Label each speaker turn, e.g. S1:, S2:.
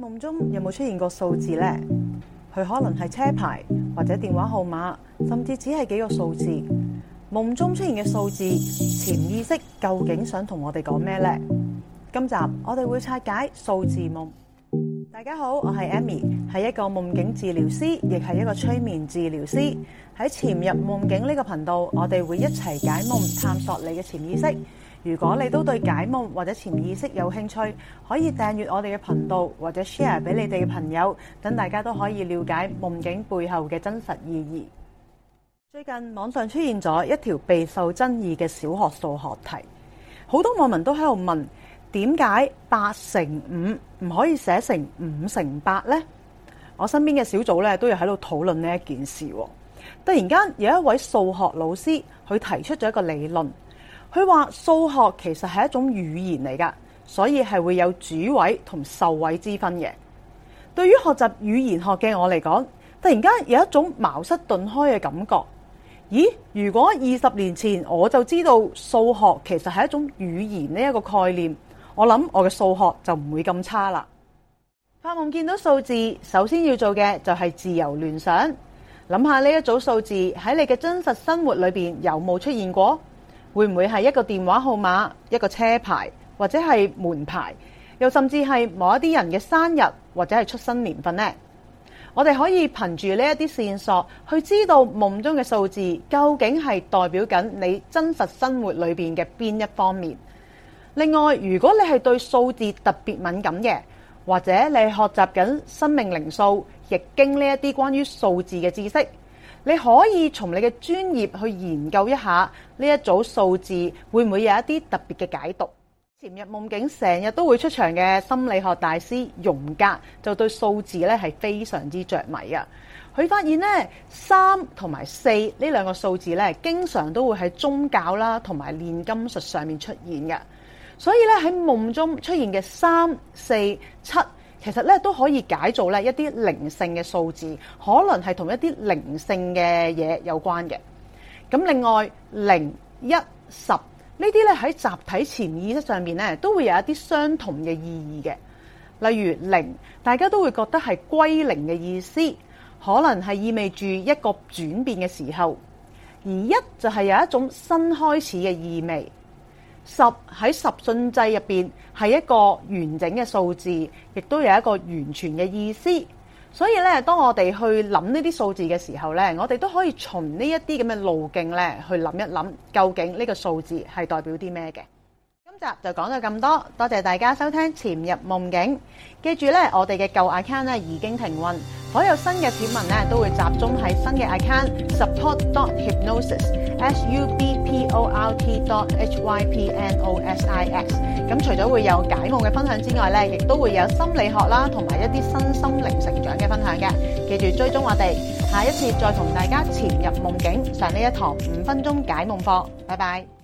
S1: 夢中有冇出現過數字呢？佢可能係車牌，或者電話號碼，甚至只係幾個數字。夢中出現嘅數字，潛意識究竟想同我哋講咩呢？今集我哋會拆解數字夢。大家好，我係 Amy，係一個夢境治療師，亦係一個催眠治療師。喺潛入夢境呢個頻道，我哋會一齊解夢，探索你嘅潛意識。如果你都對解夢或者潛意識有興趣，可以訂閱我哋嘅頻道，或者 share 俾你哋嘅朋友，等大家都可以了解夢境背後嘅真實意義。最近網上出現咗一條備受爭議嘅小學數學題，好多網民都喺度問：點解八乘五唔可以寫成五乘八呢？我身邊嘅小組咧，都有喺度討論呢一件事。突然間，有一位數學老師佢提出咗一個理論。佢話數學其實係一種語言嚟㗎，所以係會有主位同受位之分嘅。對於學習語言學嘅我嚟講，突然間有一種茅塞頓開嘅感覺。咦，如果二十年前我就知道數學其實係一種語言呢一個概念，我諗我嘅數學就唔會咁差啦。發夢見到數字，首先要做嘅就係自由聯想，諗下呢一組數字喺你嘅真實生活裏邊有冇出現過？會唔會係一個電話號碼、一個車牌或者係門牌，又甚至係某一啲人嘅生日或者係出生年份呢？我哋可以憑住呢一啲線索，去知道夢中嘅數字究竟係代表緊你真實生活裏邊嘅邊一方面。另外，如果你係對數字特別敏感嘅，或者你是學習緊生命靈數、易經呢一啲關於數字嘅知識。你可以從你嘅專業去研究一下呢一組數字會唔會有一啲特別嘅解讀？潛入夢境成日都會出場嘅心理學大師容格就對數字咧係非常之着迷嘅。佢發現咧三同埋四呢兩個數字咧，經常都會喺宗教啦同埋煉金術上面出現嘅。所以咧喺夢中出現嘅三、四、七，其實咧都可以解做咧一啲靈性嘅數字，可能係同一啲靈性嘅嘢有關嘅。咁另外零一十這些呢啲咧喺集體潛意識上面咧都會有一啲相同嘅意義嘅。例如零，大家都會覺得係歸零嘅意思，可能係意味住一個轉變嘅時候。而一就係有一種新開始嘅意味。十喺十進制入邊，係一個完整嘅數字，亦都有一個完全嘅意思。所以咧，當我哋去諗呢啲數字嘅時候咧，我哋都可以從呢一啲咁嘅路徑咧去諗一諗，究竟呢個數字係代表啲咩嘅？今集就講到咁多，多謝大家收聽《潛入夢境》。記住咧，我哋嘅舊 account 咧已經停運。所有新嘅帖文都會集中喺新嘅 icon support dot hypnosis s u b p o r t dot h y p n o s i s。咁除咗會有解夢嘅分享之外咧，亦都會有心理學啦，同埋一啲身心靈成長嘅分享嘅。記住追蹤我哋，下一次再同大家潛入夢境上呢一堂五分鐘解夢課。拜拜。